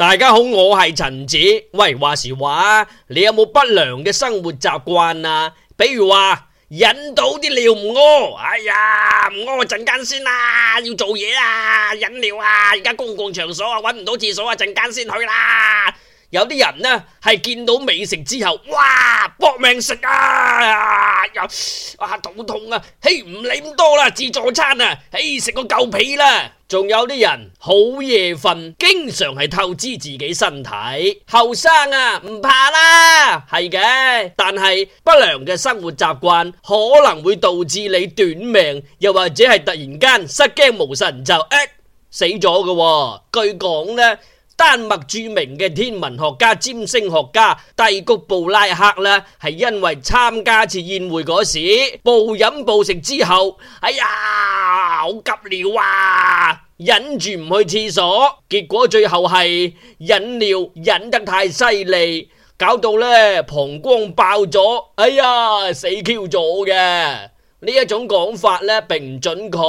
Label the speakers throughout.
Speaker 1: 大家好，我係陳子。喂，話時話啊，你有冇不良嘅生活習慣啊？比如話忍到啲尿唔屙，哎呀，唔屙陣間先啦、啊，要做嘢啦、啊，忍尿啊！而家公共場所啊，搵唔到廁所啊，陣間先去啦。有啲人呢係見到美食之後，哇搏命食啊，又、啊、哇、啊啊啊、肚痛啊，嘿唔理咁多啦，自助餐啊，嘿食個夠皮啦。仲有啲人好夜瞓，經常係透支自己身體。後生啊唔怕啦，係嘅，但係不良嘅生活習慣可能會導致你短命，又或者係突然間失驚無神就、欸、死咗嘅、哦。據講呢？丹麥著名嘅天文學家、占星學家第谷布拉克咧，係因為參加次宴會嗰時暴飲暴食之後，哎呀，好急尿啊，忍住唔去廁所，結果最後係忍尿忍得太犀利，搞到咧膀胱爆咗，哎呀，死 Q 咗嘅。呢一種講法咧並唔準確。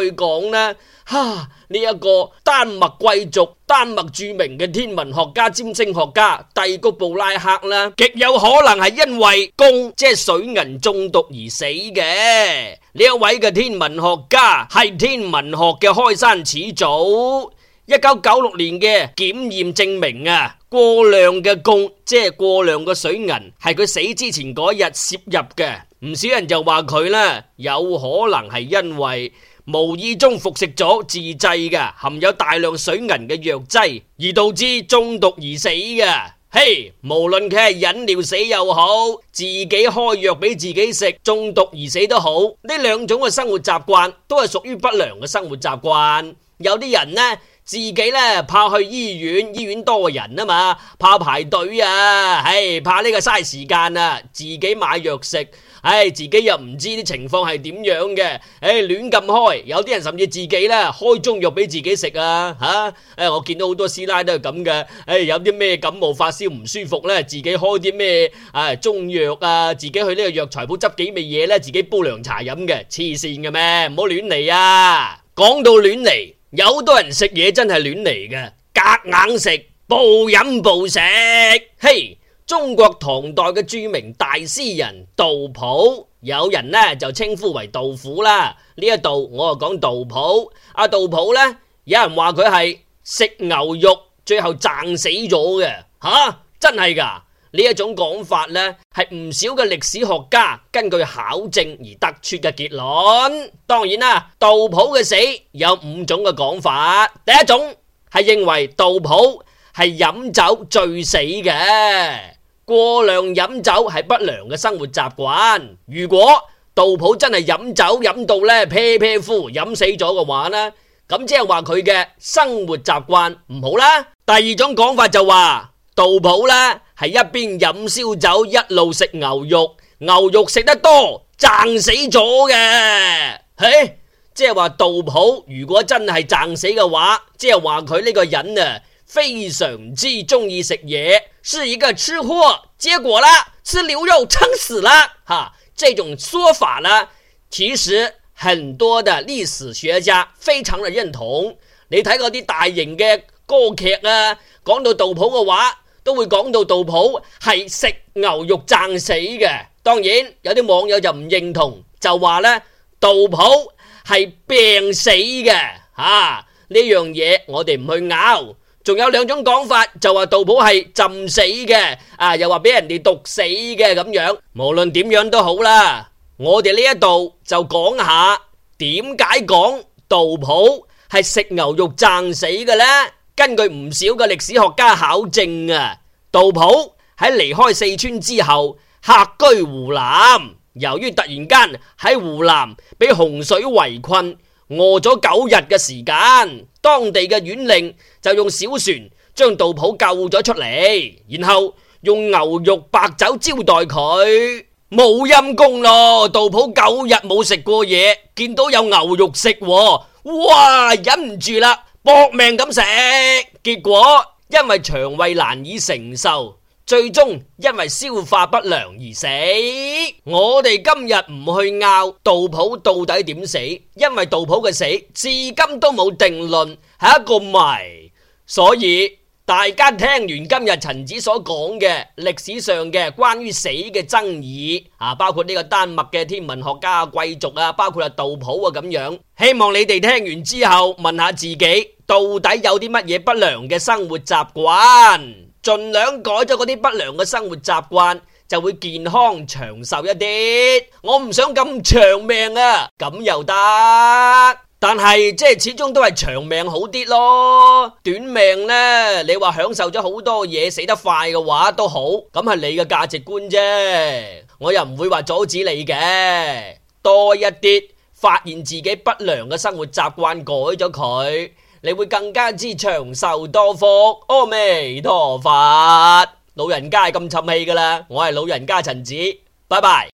Speaker 1: 據講呢，哈，呢一個丹麥貴族、丹麥著名嘅天文學家、占星學家蒂谷布拉克呢，極有可能係因為汞，即係水銀中毒而死嘅。呢位嘅天文學家係天文學嘅開山始祖。一九九六年嘅檢驗證明啊，過量嘅汞，即係過量嘅水銀，係佢死之前嗰日攝入嘅。唔少人就話佢咧，有可能係因為無意中服食咗自製嘅含有大量水銀嘅藥劑，而導致中毒而死嘅。嘿、hey，無論佢係飲尿死又好，自己開藥俾自己食中毒而死都好，呢兩種嘅生活習慣都係屬於不良嘅生活習慣。有啲人呢。自己呢，怕去醫院，醫院多人啊嘛，怕排隊啊，唉、哎，怕呢個嘥時間啊，自己買藥食，唉、哎，自己又唔知啲情況係點樣嘅，唉、哎，亂咁開，有啲人甚至自己呢，開中藥畀自己食啊，吓、啊，唉、哎，我見到好多師奶都係咁嘅，唉、哎，有啲咩感冒發燒唔舒服呢，自己開啲咩啊中藥啊，自己去呢個藥材鋪執幾味嘢呢，自己煲涼茶飲嘅，黐線嘅咩，唔好亂嚟啊！講到亂嚟。有好多人食嘢真係亂嚟嘅，夾硬食，暴飲暴食。嘿、hey，中國唐代嘅著名大詩人杜甫，有人呢就稱呼為杜甫啦。呢一度我說啊講杜甫，阿杜甫呢，有人話佢係食牛肉，最後撐死咗嘅，吓、啊、真係噶。呢種講法咧，係唔少嘅歷史學家根據考證而得出嘅結論。當然啦，杜甫嘅死有五種嘅講法。第一種係認為杜甫係飲酒醉死嘅，過量飲酒係不良嘅生活習慣。如果杜甫真係飲酒飲到咧，啤啤呼飲死咗嘅話呢，咁即係話佢嘅生活習慣唔好啦。第二種講法就話杜甫啦。係一邊飲燒酒一路食牛肉，牛肉食得多撐死咗嘅，嘿，即係話杜甫如果真係撐死嘅話，即係話佢呢個人啊非常之中意食嘢，是一個吃貨，結果啦，吃牛肉撐死了，哈，這種說法呢，其實很多的歷史學家非常的認同，你睇嗰啲大型嘅歌劇啊，講到杜甫嘅話。都會講到杜甫係食牛肉撐死嘅，當然有啲網友就唔認同，就話呢杜甫係病死嘅，吓呢樣嘢我哋唔去拗。仲有兩種講法，就話杜甫係浸死嘅，啊又話俾人哋毒死嘅咁樣。無論點樣都好啦，我哋呢一度就講下點解講杜甫係食牛肉撐死嘅呢？根據唔少嘅歷史學家考證啊。杜甫喺離開四川之後，客居湖南。由於突然間喺湖南被洪水圍困，餓咗九日嘅時間，當地嘅縣令就用小船將杜甫救咗出嚟，然後用牛肉白酒招待佢。冇陰功咯，杜甫九日冇食過嘢，見到有牛肉食，哇，忍唔住啦，搏命咁食，結果。因為腸胃難以承受，最終因為消化不良而死。我哋今日唔去拗杜甫到底點死，因為杜甫嘅死至今都冇定論，係一個謎。所以大家聽完今日陳子所講嘅歷史上嘅關於死嘅爭議，啊，包括呢個丹麥嘅天文學家貴族啊，包括杜甫啊咁樣，希望你哋聽完之後問下自己。到底有啲乜嘢不良嘅生活習慣？盡量改咗嗰啲不良嘅生活習慣，就會健康長壽一啲。我唔想咁長命啊，咁又得，但係即係始終都係長命好啲咯。短命呢？你話享受咗好多嘢，死得快嘅話都好，咁係你嘅價值觀啫。我又唔會話阻止你嘅多一啲，發現自己不良嘅生活習慣，改咗佢。你會更加之長壽多福，阿彌陀佛！老人家係咁沉氣噶啦，我係老人家陳子，拜拜。